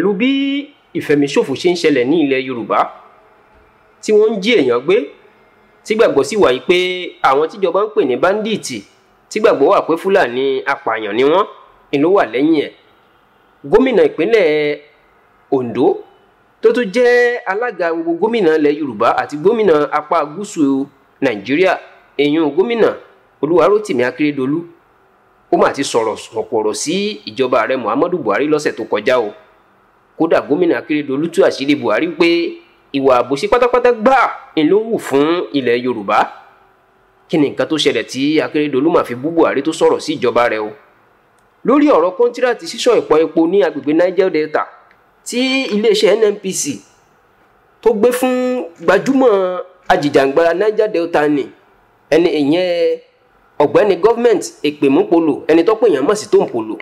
pẹ̀lú bí ìfẹ̀míṣòfò ṣe ń ṣẹlẹ̀ ní ilẹ̀ Yorùbá tí wọ́n ń jí èèyàn gbé tígbàgbọ́ sì wà yìí pé àwọn tíjọba ń pè ní báńdíìtì tígbàgbọ́ wà pé Fúlàní apààyàn ni wọ́n ni ló wà lẹ́yìn ẹ̀ gómìnà ìpínlẹ̀ Ondo tó tún jẹ́ alága gbogbo gómìnà ilẹ̀ Yorùbá àti gómìnà apá gúúsù Nàìjíríà èèyàn gómìnà Olúwarótìmí Akérédolú ó mà ti sọ̀rọ̀ sọ̀pọ̀rọ̀ sí ìjọba ààrẹ Muhammadu Buhari lọ́sẹ̀ tó kọjá o kódà gómìnà akérèdọ́lù tú àṣírí buhari pé ìwà àbòsí pátápátá gbà ń ló wù fún ilẹ̀ yorùbá kí ni nǹkan tó ṣẹlẹ̀ tí akérèdọ́lù máa fi bú buhari tó sọ̀rọ̀ sí ìjọba rẹ̀ o lórí ọ̀rọ̀ kọ́ńtíràtì sísọ ìpọ̀ epo ní agbègbè niger delta tí iléeṣẹ́ nnpc tó gbé fún gbajúmọ̀ ajìjàǹgbara niger delta ni ẹni ìyẹn ọ̀gbẹ́ni gọ́fmẹ̀ntì èpèmúpolò ẹni tó pè yàn mọ̀ sí polo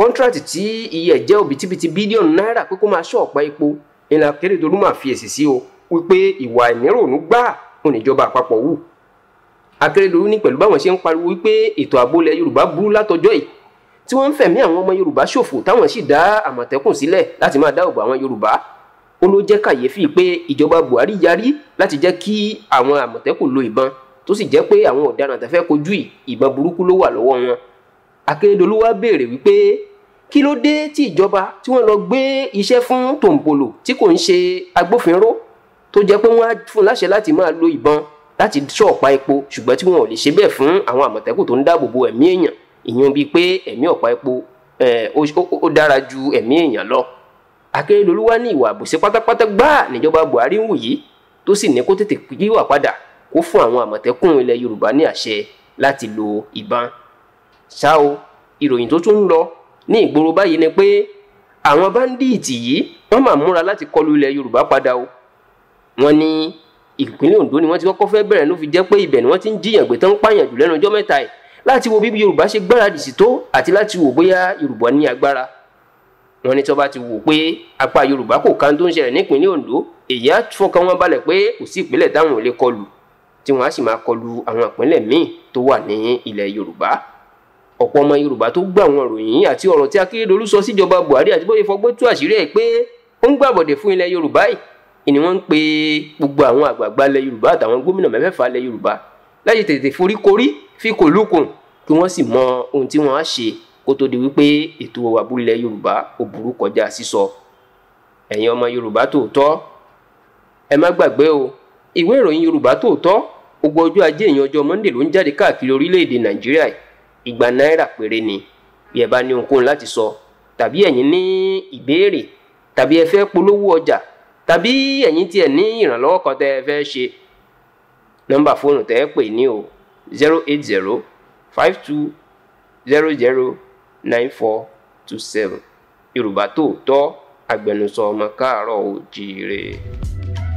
kọ́ńtrátì tí iye ẹ̀ jẹ́ òbítíbitì bílíọ̀nù náírà pé kó máa ṣọ́ ọ̀pá epo ìlànà Akérédolú máa fi èsì sí o wípé ìwà ìníròònú gbáà òun ìjọba àpapọ̀ wù Akérédolú ní pẹ̀lú báwọn ṣe ń pariwo wípé ètò ààbò ilẹ̀ Yorùbá burú látọjọ́ yìí tí wọ́n ń fẹ̀mí àwọn ọmọ Yorùbá ṣòfò táwọn sì dá Àmọ̀tẹ́kùn sílẹ̀ láti máa dáàbò àwọn Yorùbá ó ló jẹ́ kàyéfì pé ìjọba Buhari yarí láti jẹ́ kí àwọn Àmọ̀tẹ́kùn lo ìbọn tó sì jẹ́ pé àwọn ọ̀daràn tẹ́fẹ́ kojú ìbọn burúkú ló wà lọ́wọ́ wọn Akérédolú wá béèrè wípé kí ló dé tí ìjọba tí wọ́n lọ gbé iṣẹ́ fún tòǹbòlò tí kò ń ṣe agbófinró tó jẹ́ pé wọ́n á fún láṣẹ láti máa lo ìbọn láti ṣọ̀pá epo ṣùgbọ́n tí wọn ò lè ṣe bẹ́ẹ̀ fún àwọn àmọ̀tẹ́kùn tó ń dáàbò bo ẹ̀mí èèyàn ìyẹn bíi pé ẹ̀mí ọ̀pá epo ó dára ju ẹ̀mí èèyàn lọ. Akérèdọ́lù wá ní ìwà àbòsí pátápátá gbáà níjọba Buhari ń wù yìí tó sì ní kó tètè yíwà padà kó fún àwọn àmọ̀tẹ́kùn ilẹ̀ Yorùbá ní àṣẹ láti lo ìbọn. ṣá o ìròyìn tó tún ń lọ ní ìgboro báyìí ni pé àwọn báńdíìtì yìí wọ́n máa múra láti kọlu ilẹ̀ Yorùbá padà o wọ́n ní ìpínlẹ̀ Ondo ni wọ́n ti kọ́kọ́ fẹ́ bẹ̀rẹ̀ ló fi jẹ́ pé ibẹ̀ ni wọ́n ti ń jiyàn gbé tán pààyàn jù lẹ́nu ọjọ́ mẹ́ta yìí láti wo bí Yorùbá ṣe gbáradì sí tó àti láti wò bóyá Yorùbá ní agbára wọ́n ní tó bá ti wò pé apá Yorùbá kò kan tó ń ṣẹlẹ̀ nípínlẹ̀ Ondo èyí á fọkàn wọn balẹ̀ pé kò sí ìpínlẹ̀ táwọn ò lè kọlu tí wọ́n á sì máa kọlu àwọn ìpínlẹ̀ míì tó wà ní ilẹ̀ Yorùbá ọ̀pọ̀ ọmọ Yorùbá tó gbà wọn ròyìn àti ọ̀rọ̀ tí Akérédolú sọ síjọba Buhari àti bóyá fọgbọ́n tú àṣírí ẹ̀ pé ó ń gbàbọ̀dẹ̀ fún ilẹ̀ Yorùbá yìí ni wọ́n ń pe gbogbo àwọn àgbààgbà ilẹ̀ Yorùbá àtàwọn gómìnà mẹ́fẹ̀ẹ̀fà ilẹ̀ Yorùbá láti tètè foríkorí fi kò lókun kí wọ́n sì mọ ohun tí wọ́n á ṣe kó tó di wípé ètò àbúlẹ̀ Yorùbá ò burú kọjá sísọ ẹ̀yin ọmọ Yorùbá tòótọ́ ẹ má gbàgbé o ìwé ìròyìn Yorùbá tòótọ́ gbogbo ọjọ́ ajé ìyẹn ọjọ́ Monday ló ń jáde káàkiri orílẹ̀-èdè Nàìjíríà yìí igba náírà péré ni bí ẹ bá ní ohunkóhun láti sọ tàbí ẹ̀yin ní ìbéèrè tàbí ẹ fẹ́ polówó ọjà tàbí ẹ̀yin tiẹ̀ ní ìrànlọ́wọ́ kan tẹ́ ẹ fẹ́ ṣe nọ́mbà fóònù tẹ́ ẹ pè ní o zero eight zero five two zero zero nine four two seven yorùbá tòótọ́ agbẹnusọ ọmọ káàárọ̀ oòjíire.